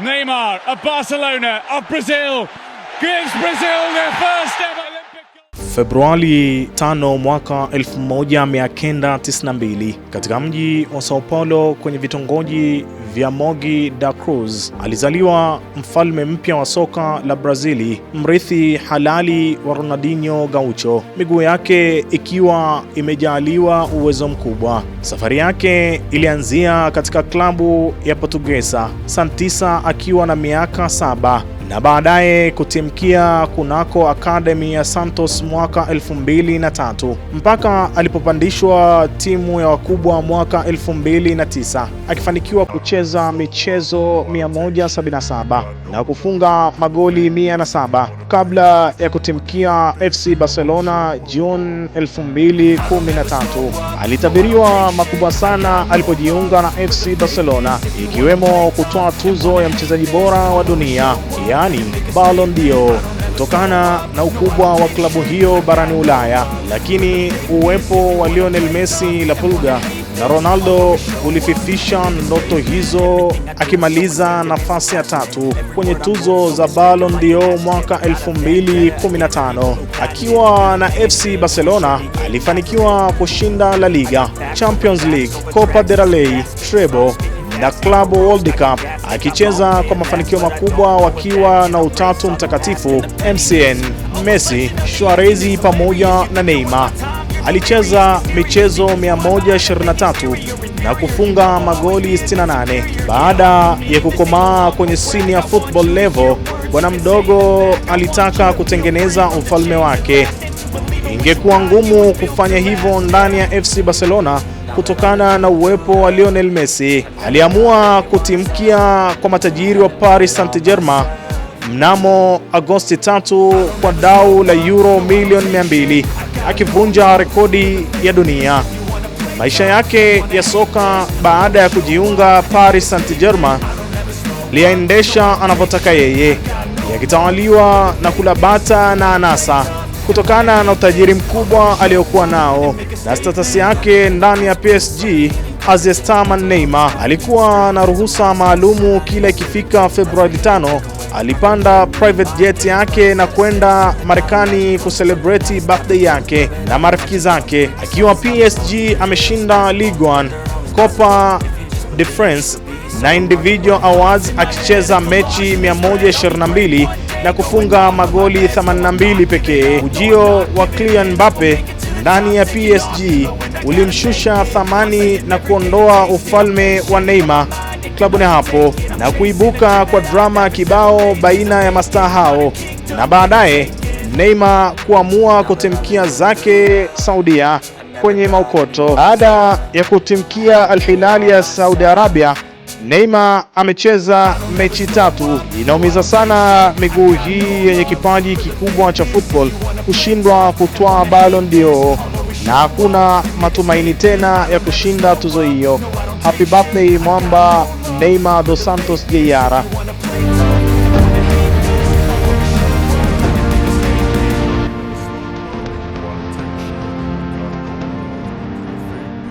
Neymar of Barcelona of Brazil gives Brazil their first ever Februari 5 mwaka 1992 katika mji wa Sao Paulo kwenye vitongoji Vyamogi da Cruz alizaliwa mfalme mpya wa soka la Brazili, mrithi halali wa Ronaldinho Gaucho, miguu yake ikiwa imejaaliwa uwezo mkubwa. Safari yake ilianzia katika klabu ya Portuguesa santisa akiwa na miaka saba na baadaye kutimkia kunako akademi ya Santos mwaka 2003 mpaka alipopandishwa timu ya wakubwa mwaka 2009 akifanikiwa kucheza kucheza michezo 177 na kufunga magoli 107 kabla ya kutimkia FC Barcelona Juni 2013. Alitabiriwa makubwa sana alipojiunga na FC Barcelona, ikiwemo kutoa tuzo ya mchezaji bora wa dunia, yaani Ballon d'Or kutokana na ukubwa wa klabu hiyo barani Ulaya, lakini uwepo wa Lionel Messi la Pulga na Ronaldo ulififisha ndoto hizo akimaliza nafasi ya tatu kwenye tuzo za Ballon d'Or mwaka 2015 akiwa na FC Barcelona. Alifanikiwa kushinda La Liga, Champions League, Copa del Rey, treble na Club World Cup akicheza kwa mafanikio makubwa wakiwa na Utatu Mtakatifu, MCN, Messi, Suarez pamoja na Neymar. Alicheza michezo 123 na kufunga magoli 68 baada ya kukomaa kwenye senior football level. Bwana mdogo alitaka kutengeneza ufalme wake. Ingekuwa ngumu kufanya hivyo ndani ya FC Barcelona kutokana na uwepo wa Lionel Messi. Aliamua kutimkia kwa matajiri wa Paris Saint-Germain mnamo Agosti 3 kwa dau la euro milioni 200 akivunja rekodi ya dunia. Maisha yake ya soka baada ya kujiunga Paris Saint-Germain liyaendesha anavyotaka yeye, yakitawaliwa na kulabata na anasa kutokana na utajiri mkubwa aliokuwa nao na status yake ndani ya PSG. man Neymar alikuwa na ruhusa maalumu kila ikifika Februari 5 alipanda private jet yake na kwenda Marekani kuselebreti birthday yake na marafiki zake, akiwa PSG ameshinda Ligue 1, Copa de France na Individual Awards akicheza mechi 122 na kufunga magoli 82 pekee. Ujio wa Kylian Mbappe ndani ya PSG ulimshusha thamani na kuondoa ufalme wa Neymar klabuni hapo na kuibuka kwa drama kibao baina ya mastaa hao na baadaye Neymar kuamua kutimkia zake Saudia kwenye maukoto. Baada ya kutimkia Al Hilal ya Saudi Arabia, Neymar amecheza mechi tatu. Inaumiza sana miguu hii yenye kipaji kikubwa cha football kushindwa kutoa Ballon d'Or na hakuna matumaini tena ya kushinda tuzo hiyo. Happy birthday mwamba Neymar dos Santos de Iara.